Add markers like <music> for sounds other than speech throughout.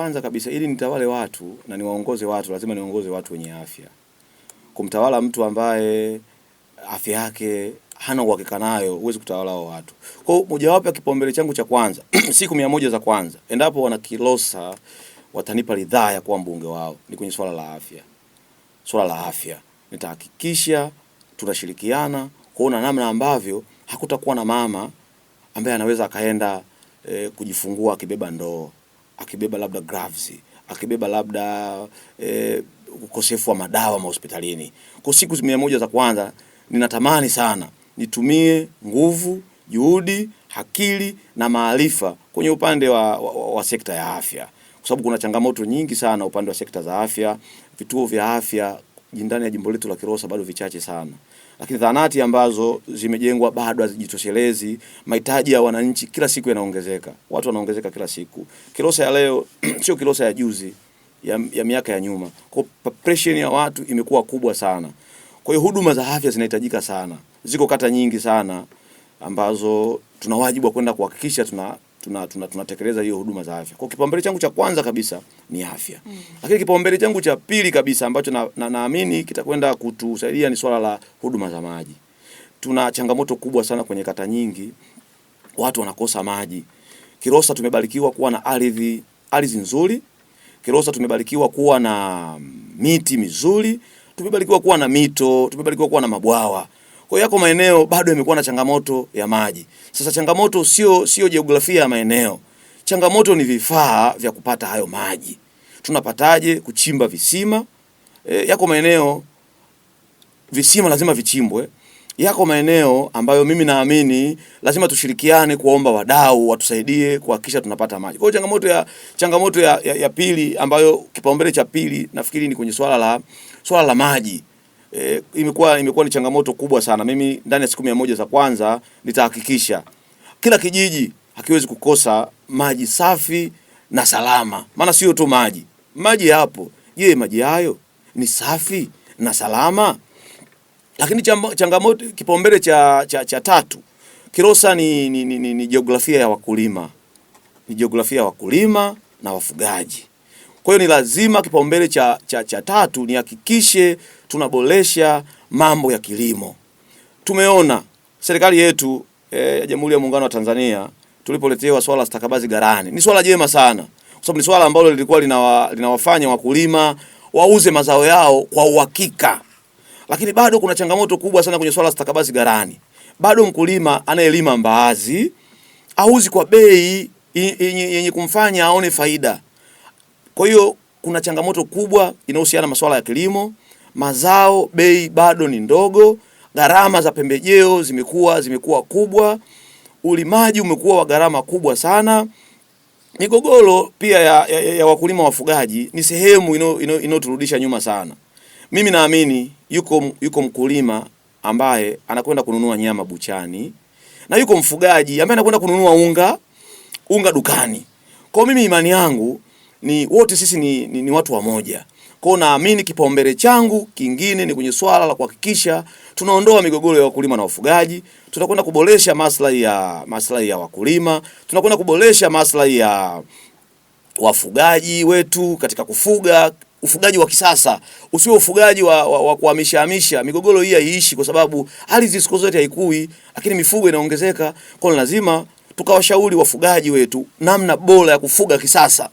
Kwanza kabisa ili nitawale watu na niwaongoze watu, lazima niongoze watu wenye afya. Kumtawala mtu ambaye afya yake hana uhakika nayo, huwezi kutawala hao watu. Kwa hiyo mojawapo ya kipaumbele changu cha kwanza <clears throat> siku mia moja za kwanza, endapo Kilosa watanipa ridhaa ya kuwa mbunge wao, ni kwenye swala la afya. Swala la afya nitahakikisha tunashirikiana kuona namna ambavyo hakutakuwa na mama ambaye anaweza akaenda eh, kujifungua akibeba ndoo akibeba labda gloves, akibeba labda eh, ukosefu wa madawa mahospitalini. Kwa siku mia moja za kwanza ninatamani sana nitumie nguvu, juhudi, akili na maarifa kwenye upande wa, wa, wa, wa sekta ya afya, kwa sababu kuna changamoto nyingi sana upande wa sekta za afya, vituo vya afya ndani ya jimbo letu la Kilosa bado vichache sana, lakini zahanati ambazo zimejengwa bado hazijitoshelezi. Mahitaji ya wananchi kila siku yanaongezeka, watu wanaongezeka kila siku. Kilosa ya leo <clears throat> sio Kilosa ya juzi ya, ya miaka ya nyuma. Kwa pressure ya watu imekuwa kubwa sana, kwa hiyo huduma za afya zinahitajika sana. Ziko kata nyingi sana ambazo tuna wajibu wa kwenda kuhakikisha tuna tunatekeleza tuna, tuna, hiyo huduma za afya. Kwa kipaumbele changu cha kwanza kabisa ni afya mm. Lakini kipaumbele changu cha pili kabisa ambacho naamini na, na kitakwenda kutusaidia ni swala la huduma za maji. Tuna changamoto kubwa sana kwenye kata nyingi, watu wanakosa maji. Kilosa tumebarikiwa kuwa na ardhi ardhi nzuri. Kilosa tumebarikiwa kuwa na mm, miti mizuri, tumebarikiwa kuwa na mito, tumebarikiwa kuwa na mabwawa kwa yako maeneo bado yamekuwa na changamoto ya maji. Sasa changamoto sio sio jiografia ya maeneo, changamoto ni vifaa vya kupata hayo maji. Tunapataje kuchimba visima? E, yako maeneo visima lazima vichimbwe. Yako maeneo ambayo mimi naamini lazima tushirikiane kuomba wadau watusaidie kuhakikisha tunapata maji. Kwa hiyo changamoto ya changamoto ya, ya, ya pili ambayo kipaumbele cha pili nafikiri ni kwenye swala la swala la maji e, imekuwa imekuwa ni changamoto kubwa sana. Mimi ndani ya siku mia moja za kwanza nitahakikisha kila kijiji hakiwezi kukosa maji safi na salama, maana sio tu maji maji yapo. Je, maji hayo ni safi na salama? Lakini changamoto kipaumbele cha, cha, cha tatu Kilosa ni, ni, ni, ni, ni jiografia ya wakulima, ni jiografia ya wakulima na wafugaji. Kwa hiyo ni lazima kipaumbele cha, cha, cha tatu nihakikishe tunaboresha mambo ya kilimo. Tumeona serikali yetu eh, ya e, Jamhuri ya Muungano wa Tanzania tulipoletewa swala la stakabadhi ghalani, ni swala jema sana, kwa sababu ni swala ambalo lilikuwa linawa, linawafanya wakulima wauze mazao yao kwa uhakika, lakini bado kuna changamoto kubwa sana kwenye swala la stakabadhi ghalani. Bado mkulima anayelima mbaazi auzi kwa bei yenye kumfanya aone faida. Kwa hiyo kuna changamoto kubwa inayohusiana na masuala ya kilimo, mazao bei bado ni ndogo, gharama za pembejeo zimekuwa zimekuwa kubwa, ulimaji umekuwa wa gharama kubwa sana. Migogoro pia ya, ya, ya wakulima wafugaji ni sehemu inayoturudisha nyuma sana. Mimi naamini yuko, yuko mkulima ambaye anakwenda kununua nyama buchani na yuko mfugaji ambaye anakwenda kununua unga unga dukani. Kwa mimi imani yangu ni wote sisi ni, ni, ni watu wamoja. Kwa hiyo naamini kipaumbele changu kingine ni kwenye swala la kuhakikisha tunaondoa migogoro ya wakulima na wafugaji, tunakwenda kuboresha maslahi ya maslahi ya wakulima, tunakwenda kuboresha maslahi ya wafugaji wetu katika kufuga ufugaji wa kisasa usio ufugaji wa, wa, wa kuhamisha hamisha. Migogoro hii haiishi, kwa sababu ardhi siku zote haikui, lakini mifugo inaongezeka. Kwa lazima tukawashauri wafugaji wetu namna bora ya kufuga kisasa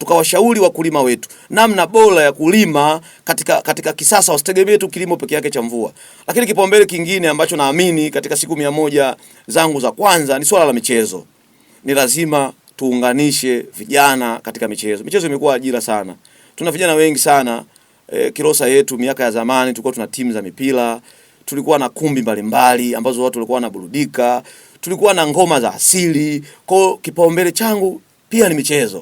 tukawashauri wakulima wetu namna bora ya kulima katika, katika kisasa, wasitegemee tu kilimo peke yake cha mvua. Lakini kipaumbele kingine ambacho naamini katika siku mia moja zangu za kwanza ni swala la michezo. Ni lazima tuunganishe vijana katika michezo. Michezo imekuwa ajira sana, tuna vijana wengi sana e, eh, Kilosa yetu miaka ya zamani tulikuwa tuna timu za mipira, tulikuwa na kumbi mbalimbali mbali, ambazo watu walikuwa wanaburudika, tulikuwa na ngoma za asili. Kwa kipaumbele changu pia ni michezo.